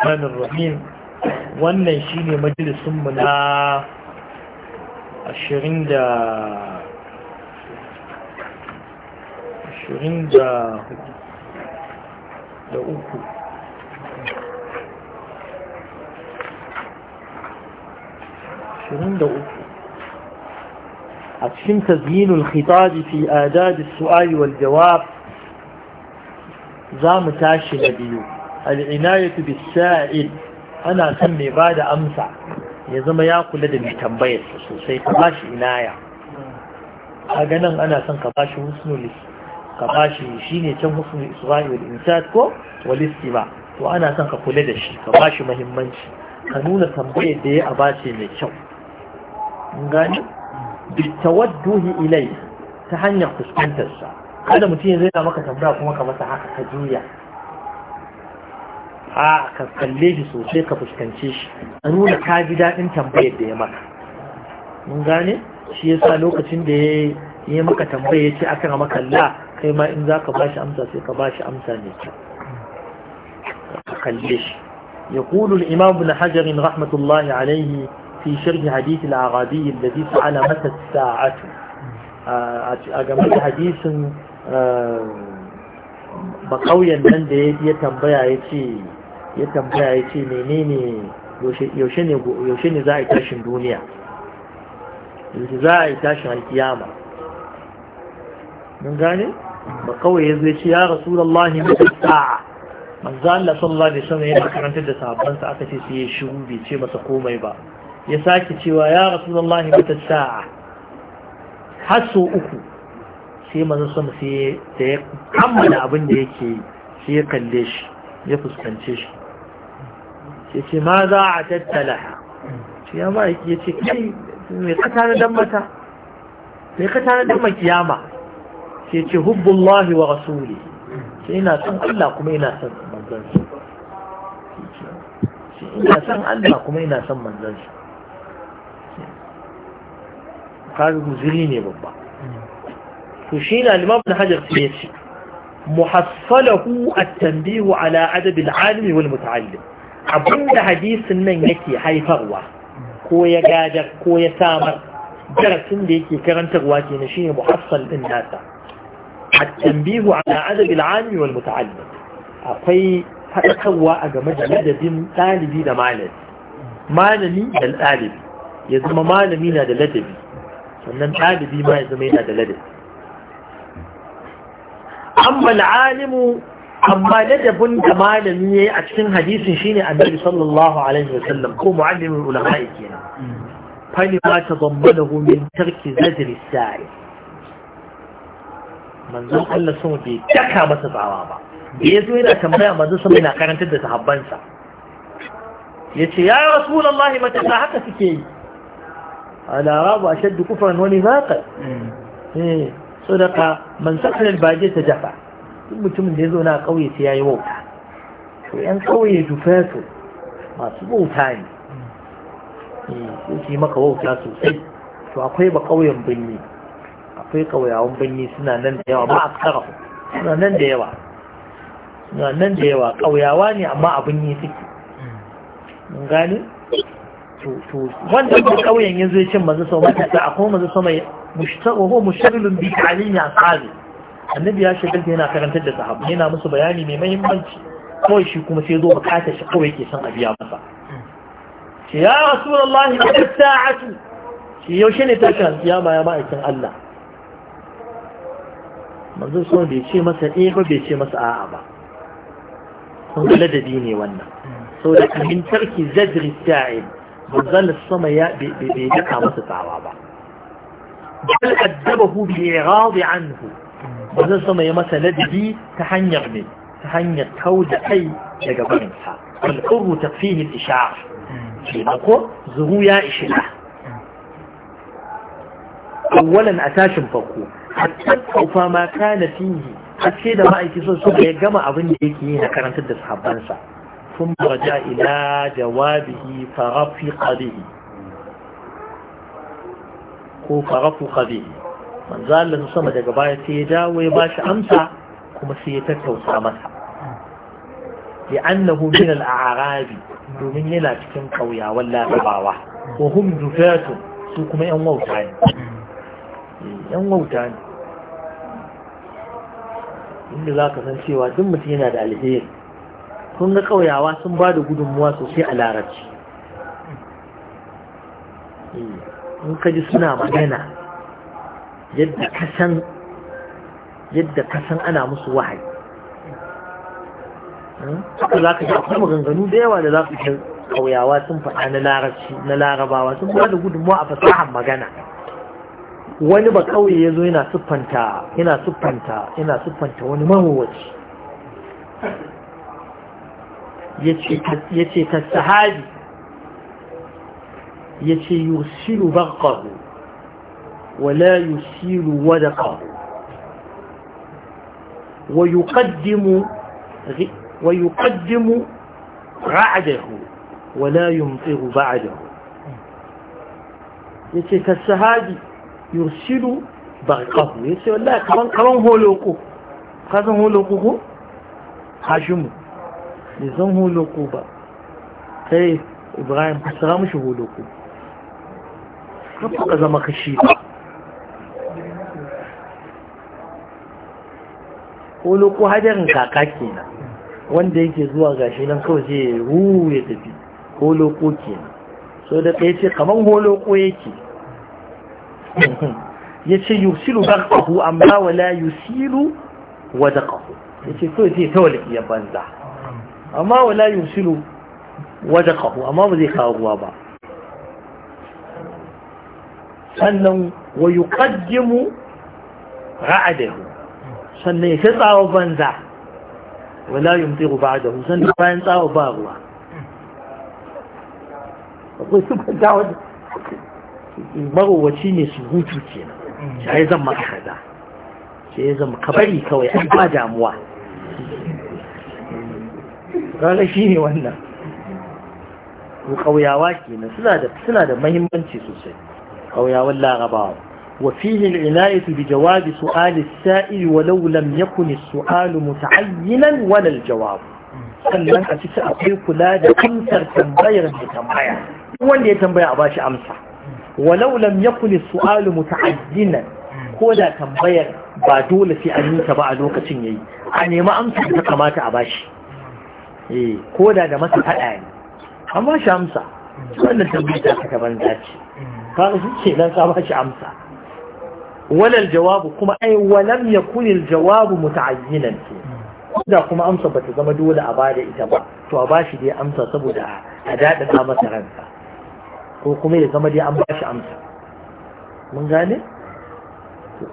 الرحمن الرحيم wannan shi ne majalisunmu na 23 a cikin tazminul khitaji fi adadi su'ali wal jawab za mu tashi na biyu al'inayatu bisa'il ana son mai ba da amsa ya zama ya kula da mai tambayar sosai ka ba shi inaya a ganin ana son ka ba shi husnulis ka ba shi shi ne can husnul isra'il insat ko walisti ba to ana son ka kula da shi ka ba shi mahimmanci ka nuna tambayar da ya abace mai kyau gani wadduhi ilai ta hanyar fuskantarsa kada mutum ya zai maka tambaya kuma ka masa haka ka juya A'a ka kalle shi sosai ka fuskanci shi a nuna ka ji daɗin tambayar da ya maka mun gane shi ya sa lokacin da ya yi maka tambaya ya ce aka na makalla kai ma in za ka ba shi amsa sai ka ba shi amsa ne ka kalle shi ya kulu imam bin hajjarin rahmatullahi alaihi fi shirin hadithi al'arabi da zai sa'ala masa sa'atu a game da hadisin eh, ba nan da ya tambaya ya ce ya tambaya ya ce menene yaushe ne za a yi tashin duniya yaushe za a yi tashin alkiyama mun gane ba kawai ya zai ce ya rasu rasulallah ne mutu sa'a manzo Allah sallallahu alaihi wasallam yana karantar da sahabbansa aka ce sai ya shiru bai ce masa komai ba ya sake cewa ya rasu da rasulullah mata sa'a har so uku sai maza sama sai da ya kammala abin da yake sai ya kalle shi ya fuskance shi ce ma za a tattala shi ya ba ya ce mai kata na mata mai makiyama ce hubbullahi wa rasuli ina son Allah kuma ina son manzansu ina son Allah kuma ina son manzansu ne babba shi na hajar ya ce muhassalahu ala adabil alimi wal muta'allim abinda hadisin nan yake haifarwa ko ya gajar ko ya samar darasin da yake karantarwa ke na shi ne muhassal ɗin nasa a tambihu ala adab al'ami wal muta'allim akwai haɗakarwa a game da ladabin ɗalibi da malami malami da ɗalibi ya zama malami na da ladabi sannan ɗalibi ma ya zama yana da ladabi amma al'alimu amma ladabin da malami ya yi a cikin hadisin shine annabi sallallahu alaihi wasallam ko muallimin ulama'i kenan fali ma ta zammana min tarki zadri sa'i manzon Allah sun bai daka masa tsawa ba da ya zo yana tambaya manzon sama yana karantar da sahabbansa ya ce ya rasulullahi mata ta haka suke yi rabu a shaddu kufran wani zaƙa hmm. eh ka man sakar baje ta jafa duk mutumin da ya zauna a ƙauye sai ya yi wauta to yan ƙauye dufeto masu wauta ne su eh, su yi maka wauta sosai to akwai ba ƙauyen birni akwai ƙauyawan birni suna nan da yawa ba a tsara suna nan da yawa suna nan da yawa ƙauyawa ne amma abin yi suke mun gane to wanda ba ƙauyen yanzu ya cin mazu sau matasa akwai mazu sau mai mushtarilun bi ta'alimi a tsari annabi ya shagalta yana karantar da sahabbai yana musu bayani mai mahimmanci kawai shi kuma sai zo bukatar shi kawai ke son a biya masa ce ya rasulullahi a sa'atu shi yaushe ne tashin alkiyama ya ma'aikin Allah manzo so bai ce masa eh ba bai ce masa a'a ba sun ladabi ne wannan sau da kamin tarki zajri sa'id manzon sama ya bai daka masa tsawa ba bal addabahu bi iradi anhu manzon sama ya masa ladabi ta hanyar ne ta hanyar kauda kai daga barinsa wal ta fi al-ishar kenan ko zuru ya ishila awwalan a tashin farko hatta kaufa ma kana a haske da ma'aiki sun suka ya gama abin da yake yi na karantar da sahabbansa sun raja ila jawabihi farafi qadihi ko farafu qadihi manzo sama daga baya sai ya dawo ya ba shi amsa kuma sai ya tattausa masa Ya لأنه من الأعراب domin yana cikin ƙauyawan larabawa Ko hum dufatu su kuma yan wauta ne yan wauta ne inda za ka san cewa duk mutum yana da alheri kun ga ƙauyawa sun ba da gudunmuwa sosai a larabci eh, in ka ji suna magana yadda kasan yadda ana musu wahayi hmm? haka za ka shafi maganganu da yawa da za su ji ƙauyawa sun faɗa na larabci na larabawa sun ba da gudunmawa a fasahar magana wani ba ƙauye ya zo yana siffanta yana siffanta yana siffanta wani mahowaci ya ce ta sahabi ya ce yursilu barqahu ولا يسيل ودقا ويقدم ويقدم رعده ولا يمطر بعده يتي كالسهادي يرسل برقه يتي والله كمان كمان هو لوكو كمان هو لوكو هو حجم طيب، لزم هو لوكو با تي إبراهيم كسرامش هو لوكو كيف تقضى ما خشيه ko hadarin kaka nan wanda yake zuwa gashi nan kawai ya ruru ya tafi ko loko nan so da ɗaya ce kamar holoko yake ya ce yusiru kahu amma wala yusiru wadakahu ya ce kawai sai ta walaki ya banza amma wala yusiru kahu amma ba zai kawo ruwa ba sannan wa yuqaddimu ra'adahu sannan ya tsawo banza wala da ba'dahu sannan bayan tsawo ba ruwa akwai su kwanta da marowaci ne su hutu ya yi zan maka kaza sai zan zama bari kawai an ba damuwa kaga shi ne wannan ƙauyawa ke nan suna da mahimmanci sosai ƙauyawan larabawa وفيه العناية بجواب سؤال السائل ولو لم يكن السؤال متعينا ولا الجواب sannan a cikin akwai kula da amsar tambayar da tambaya wanda ya tambaya a bashi amsa walau lam yakun su'alu muta'addina ko da tambayar ba dole sai an yi ta ba a lokacin yayi a nemi amsa da kamata a bashi eh ko da da masa fada ne an bashi amsa wannan tambayar ta ta banza ce ka su ce dan ka bashi amsa walal jawabu kuma ai walam yakun jawabu muta'ayyinan da kuma amsa bata zama dole a bada ita ba to a bashi dai amsa saboda a daɗaɗa masa ransa ko kuma ya zama dai an bashi amsa mun gane?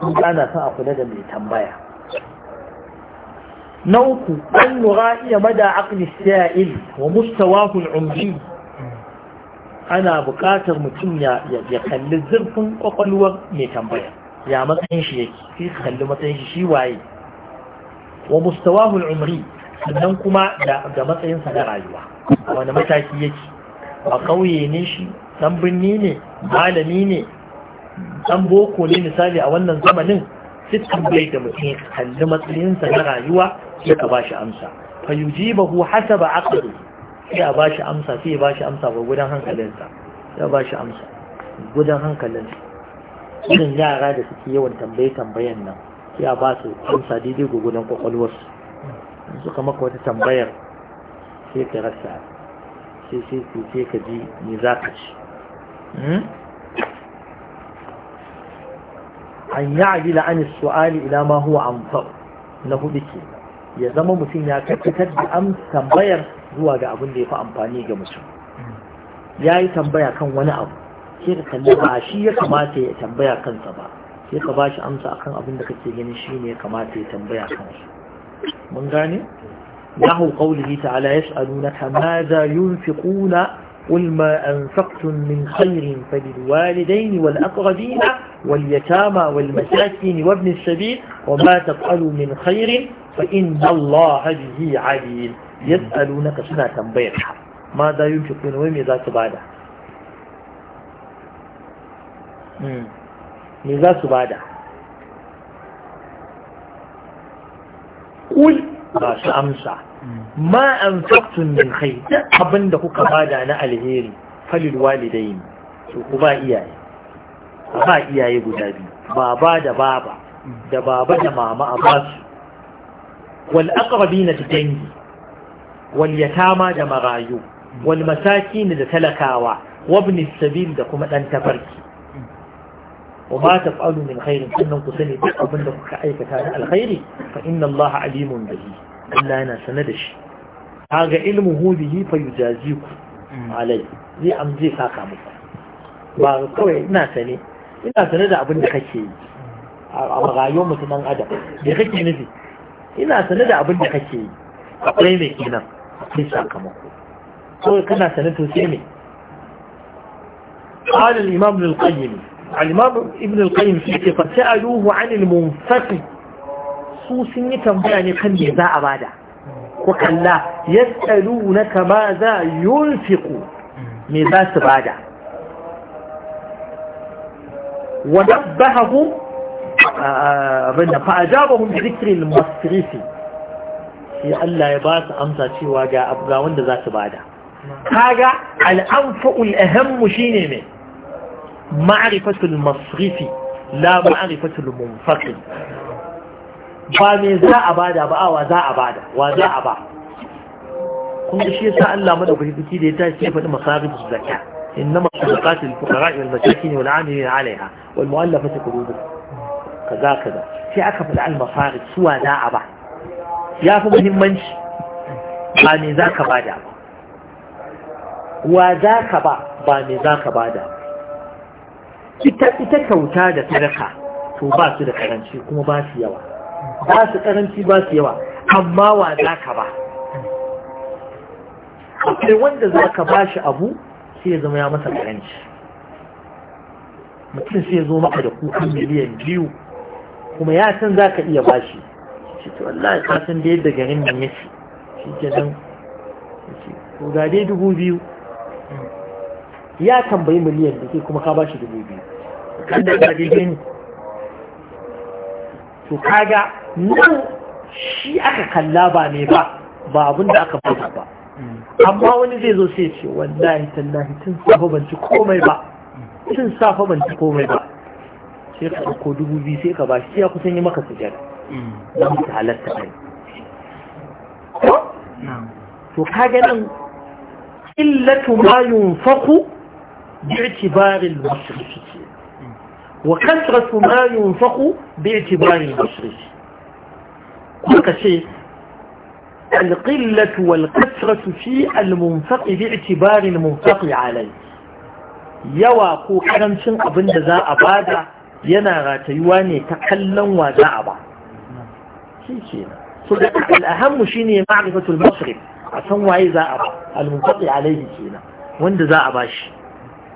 kun gana son a kula da mai tambaya na uku an lura iya mada aqli wa mustawahu al-umri ana buƙatar mutum ya kalli zurfin kwakwalwar mai tambaya ya matsayin shi yake sai su kalli matsayin shi shi waye wa mustawahul umri sannan kuma matsayin sa na rayuwa wani mataki yake a ƙauye ne shi ɗan birni ne malami ne ɗan boko ne misali a wannan zamanin duk tambayar da mutum kalli matsayinsa na rayuwa sai ka bashi amsa fa yujibahu hasaba aqli sai a ba amsa sai ya ba shi amsa gudan hankalinsa sai a ba shi amsa gudan hankalinsa irin yara da suke yawan tambaye tambayan nan ya ba su amsa daidai gwagwadon kwakwalwarsu suka maka wata tambayar sai ka rasa sai sai sai ka ji me za ka ci hmm? an yi gila an su'ali ila ma huwa amsa na hudu ke ya zama mutum ya kakkatar da amsa tambayar zuwa ga abin da ya fi amfani ga mutum ya yi tambaya kan wani abu sai ka kalli shi ya kamata ya tambaya kansa ba sai ka ba amsa akan abin da kake ya kamata ya tambaya kansa mun gane قوله تعالى يسألونك ماذا ينفقون قل ما أنفقتم من خير فللوالدين والأقربين واليتامى والمساكين وابن السبيل وما تفعلوا من خير فإن الله به عليم يسألونك سنة بيرها ماذا ينفقون وماذا بعدها Hmm. me za su bada kul ba su amsa hmm. ma an faktun min kai abin da kuka bada na alheri falil walidai ne to ku ba iyaye ba iyaye guda biyu baba da baba hmm. da baba da mama a basu wal aqrabina na dangi wal ma da marayu wal ne da talakawa wabnin sabil da kuma ɗan tafarki wa ma taf'alu min khairin sannan ku sani duk abin da kuka aikata na alkhairi fa inna Allah alimun bihi Allah yana sane da shi kaga ilmuhu bihi fa yujaziku alai zai am zai saka muku ba kawai ina sane ina sane da abin da kake yi a rayuwar mutum adam da kake nufi ina sane da abin da kake yi mai kenan akwai sakamako kawai kana ne قال الإمام للقيم الإمام ابن القيم في قد سألوه عن المنفق سوسن يعني كان يزاء بعد وقال لا يسألونك ماذا ينفق ميزاس بعد ونبههم آه، فأجابهم بذكر المصرفي في Allah ya ba su amsa cewa ga wanda za su bada kaga ma'arifatul masrifi la ma'arifatul munfaqi ba me za a bada ba wa za a bada wa za a ba kun shi yasa Allah madaukaki biki da ya tashi ya faɗi masarifus zakat إنما الصدقات للفقراء والمساكين والعاملين عليها والمؤلفة قلوبهم كذا كذا في أكف على المصارف سوى ذا أبا يا فمهم منش باني ذاك بادا وذاك با باني ذاك ba. ita kyauta da sadaka to ba su da karanci kuma ba su yawa ba su karanci ba su yawa amma wa za ka ba akwai wanda za ka ba shi abu sai ya zama ya masa karanci mutum sai ya zo maka da kukan miliyan biyu kuma ya san za ka iya ba shi shi to ya san da yadda garin nan yake shi ke nan ko ga dai dubu biyu ya tambayi miliyan da ke kuma ka bashi dubu biyu kan da ka ne to kaga nan shi aka kalla ba ne ba ba abin da aka fata ba amma wani zai zo sai ce wallahi tallahi tun safa ban ci komai ba tun safa ban ci komai ba sai ka ɗauko dubu biyu sai ka ba shi ya kusan yi maka sujada don ta halatta ne to kaga nan illatu ma yunfaku باعتبار المصرف وكثرة ما ينفق باعتبار المصرف وكسي القلة والكثرة في المنفق باعتبار المنفق عليه yawa ko karancin abin da za a bada yana ratayuwa ne ta kallon wa za a ba shi ke so da al'ahammu shi ne ma'arifatul masrif a san waye za a ba al-munfaqi alaihi kenan wanda za a ba shi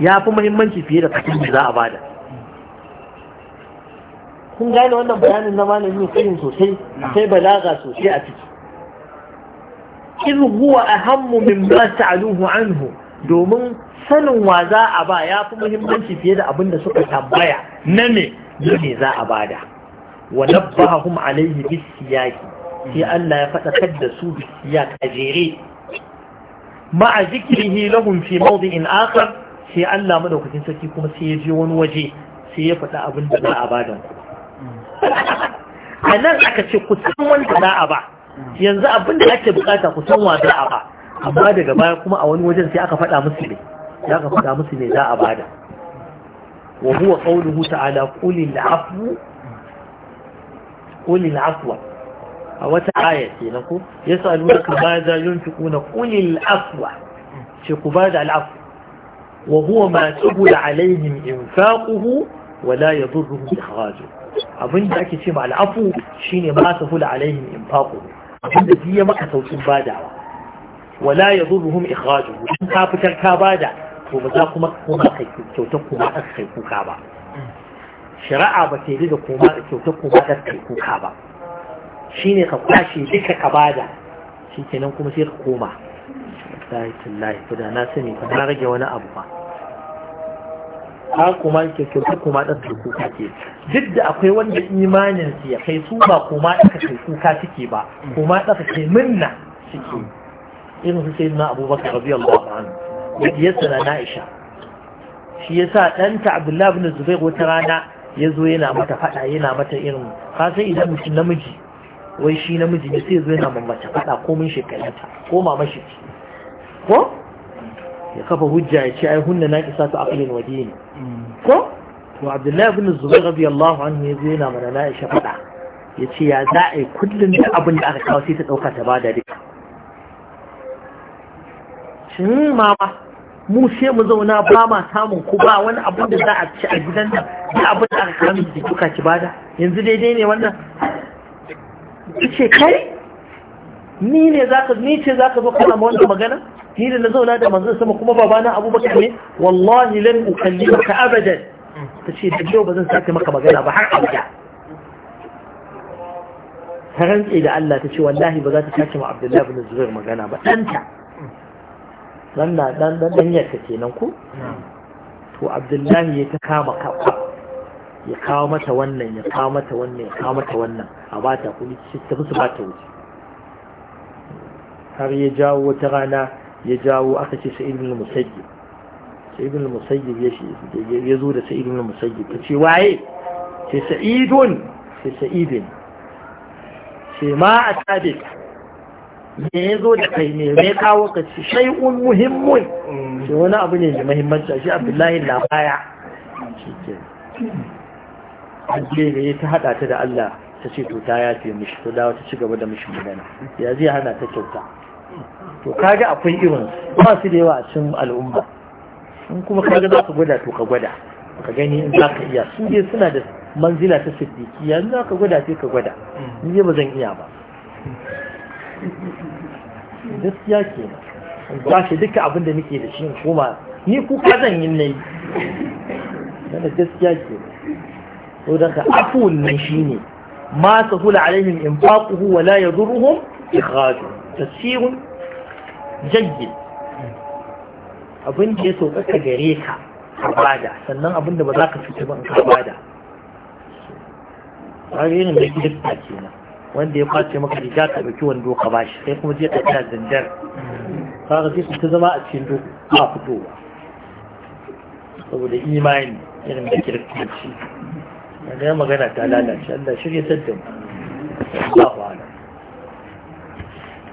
ya fi muhimmanci fiye da katin da za a bada kun gane wannan bayanin na malamin kayin sosai sai balaga sosai a ciki إذ هو أهم مما سألوه anhu domin sanin wa za a ba ya fi muhimmanci fiye da abin da suka tambaya na ne ne za a bada wa nabbahum alaihi bisiyaki sai Allah ya faɗakar da su bisiyak a jere ma'a zikrihi lahum fi mawdi'in akhar sai Allah madaukakin sarki kuma sai ya je wani waje sai ya faɗa abin da za a ba da a nan aka ce ku san wanda za a ba yanzu abin da ake bukata ku san wa za a ba amma daga baya kuma a wani wajen sai aka faɗa musu ne ya ka faɗa musu ne za a ba da wa huwa qawluhu ta'ala qul lil afwu qul a wata aya ce na ku yasaluna ka ba za yunfiquna qul lil afwa ce ku ba da al'afu. وهو ما سهل عليهم إنفاقه ولا يضرهم إخراجه abin da ake ce ma al'afu shine ma sahula alaihim infaqu abin da biya maka saukin badawa wala ya yadurruhum ikhrajuhu in ka fitar ka bada to ba za kuma kuma kai kyautar kuma ka kai kuka ba shari'a ba ta yi da kuma kyautar kuma ka kai kuka ba shine ka kwashe duka ka bada shikenan kuma sai ka koma kai tallahi kuda na sani ba na rage wani abu ba ha kuma ke kyauta kuma ɗan su kuka ke duk da akwai wanda imanin su ya kai su ba kuma ɗaka kai kuka suke ba kuma ɗaka kai minna suke irin su sai na abubakar radiyallahu anhu ya tsara na isha shi ya sa ɗanta abdullahi bin zubai wata rana ya zo yana mata faɗa yana mata irin ka sai idan mutum namiji wai shi namiji ne sai zo yana mamata faɗa komin shekaranta ko mamashi ce ko ya kafa hujja ya ce ai hunna na kisa ta aqlin wa dini ko to abdullahi ibn zubair radiyallahu anhu ya zina mana na isha fada yace ya za a yi kullun da abin da aka kawo sai ta dauka ta bada duka shin mama mu sai mu zauna ba ma samun ku ba wani abin da za a ci a gidan nan da abin da aka kawo sai duka ki bada yanzu daidai ne wannan ce kai ni ne zaka ni ce zaka zo kana ma wannan magana ni da na zauna da manzon sama kuma babana abubakar ne wallahi lan ukallimaka abadan ce da yau ba zan sake maka magana ba har abada ta rantse da Allah ta ce wallahi ba za ta tace ma Abdullahi bin Zubair magana ba danta dan na dan dan dan yarka kenan ku. to Abdullahi ya ta kama kafa ya kawo mata wannan ya kawo mata wannan ya kawo mata wannan a bata kuɗi ta fi su bata wuce har ya jawo wata rana ya jawo aka ce sa'id ibn musayyib sa'id ibn musayyib ya zo da sa'id ibn musayyib ta ce waye ce sa'idun ce sa'idin ce ma a sabit me ya zo da kai ne me kawo ka ce shay'un muhimmun ce wani abu ne mai muhimmanci a shi abdullahi na baya shi ke ajiye ne ta hada ta da Allah ta ce to ta ya fi mishi to da ta ci gaba da mishi magana ya zai hana ta kyauta to kaga akwai irin ba su da yawa a cikin al'umma in kuma kaga za ka gwada to ka gwada ka gani in za ka iya su ne suna da manzila ta siddiki yanzu za ka gwada sai ka gwada je ba zan iya ba gaskiya ke ba shi duka abin da nake da shi in koma ni kuka zan yi nayi yana gaskiya ke to daga afuwan nan shine ma sahula alaihim infaquhu wala yadurruhum إخراج تفسير جيد abin da ya sauka ka gare ka kabada sannan abin ba za ka fita ba kabada raririn da gidanta ke nan wanda ya kwace maka riga ka ɗauki wando ka bashi sai kuma je ɗauka zandar kaga sai ta zama a cikin duk ba fitowa saboda imani irin da kiristanci magana ta lalace Allah shirya tattalin